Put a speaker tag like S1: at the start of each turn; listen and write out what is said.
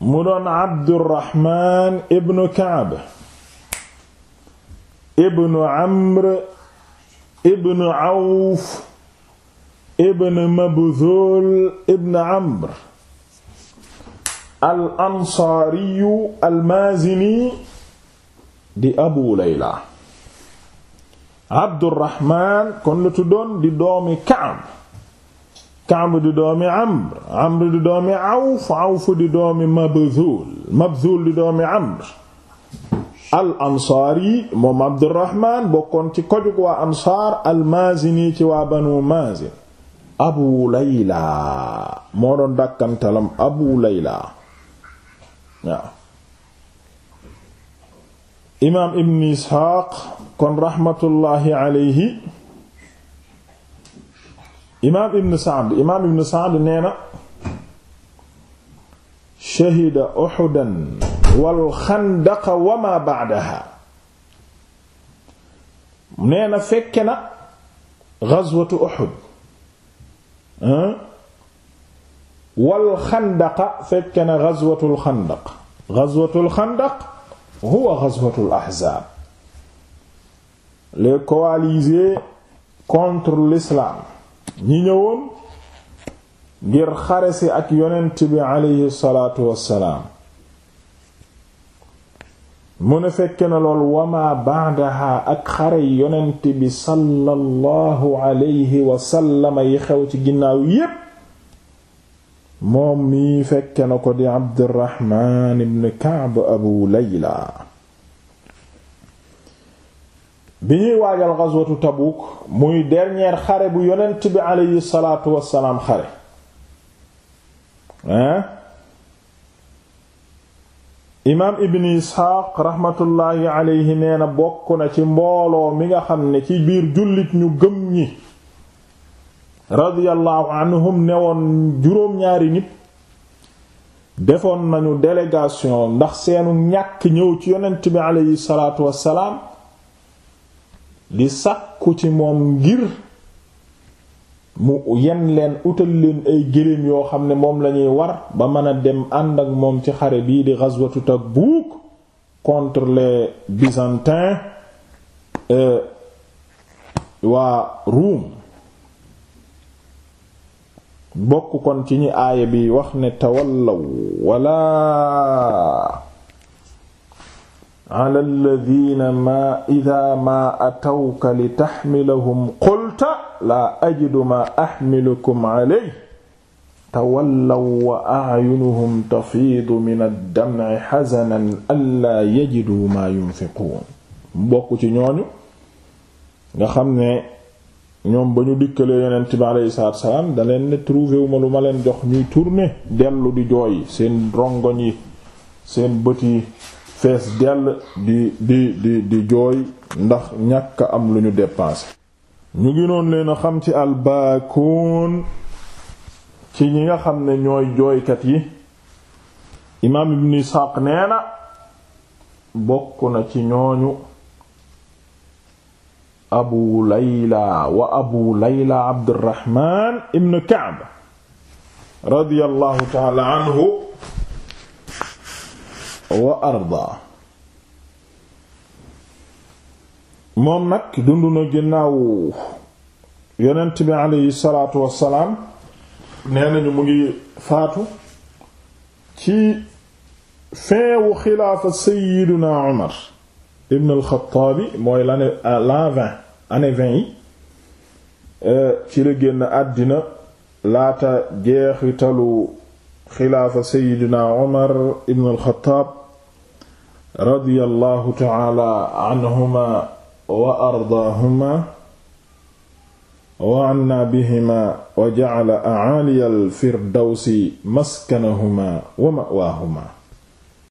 S1: mu doon Abdurrahman ibn Kaab ibn Amr ibn Awf ibn Mabdhul ibn Amr al ansaariyu al maazini di Abu Layla Abdurrahman kon la tuddoon di doomi Kaab Kaab di doomi Amr Amr di doomi Awf Awf di doomi Mabdhul Mabdhul di doomi Amr al ansaari moom Abdurrahmaan bokkoon ci kojug waa ansaar al maazini ci waa banu maazin Abu Layla moo doon dàkkantalam Abu Layla waaw imaam Ibn Isxaaq kon raxmatullaahi alayhi imaam ibn Sa'd imaam ibn Sa'd nee na shahida Uhudan wal Xandaq wa ma ba'daha nee na fekke na ghazwatu Uhud wal Xandaq fekke na ghazwatul Xandaq ghazwatul Xandaq huwa ghazwatul Ahzab les coalisés contre l'islam ñi ñëwoon ngir xare si ak yonent bi aleyhi salaatu wassalaam mu ne fekke na lool wamaa baadaha ak xare yonent bi sallallahu alayhi wasallama yi xew ci ginnaaw yépp moom mi fekke na ko di abdirahmaan ibn Ka'b abu layla bi ñuy waajal ghazwatu Tabuk muy dernier xare bu yonent bi aleyhi salaatu wassalaam xare hein imaam ibn isxaaq raxmatullaahi aleyhi nee na bokk na ci mbooloo mi nga xam ne ci biir jullit ñu gëm ñi radiyallahu anhum newoon juróom-ñaari nit defoon nañu délégation ndax seenu ñàkk ñëw ci yonent bi aleyhi salaatu salaam di sàkku ci moom ngir mu yen leen utal leen ay gëléem yoo xam ne moom lañuy war ba mën a dem ànd ak moom ci xare bii di ghazwatu Tabuk contre les byzantins euh, waa Ruum bokk kon ci ñi aaya bi wax ne tawallaw wala ala la ma ida ma atawka li taxmilahum qulta laa ajidu maa axmilukum caley tawallaw wa acyunuhum tafiidu min addamci xasanan anlaa yajiduu maa yunfiquun bokk ci ñooñu nga xam ne ñoom ba ñu dikkalee yonent bi aleyhi salaatu salaam da ne trouvé wu ma lu ma leen jox ñuy tourner dellu di jooy seen rongoñ yi seen bët fees dell di di di jooy ndax ñàkk am lu ñu dépensé ñu ginoon leen xam ci albaakoon ci ñi nga xam ne ñooy jooykat yi imaam ibn Isxaaq nee bokk na ci ñooñu abu layla wa abu layla abdurrahman ibn Ka'b radiyallahu ta'ala anhu wa arda moom nag dund na ginnaaw yonent bi aleyhi salaatu wassalaam nee nañu mu ngi faatu ci feewu xilaafa sayiduna Umar ibn al-Xattaabi mooy l'année euh, l'an vingt année vingt yi euh, ci la génn àddina laata jeexitalu xilaafa seydina Umar ibn al-Xattaab radiyallahu ta'ala anhuma wa ardaahuma wa anna bihima wa ja'ala a'aali al-firdawsi maskanahuma wa ma'waahuma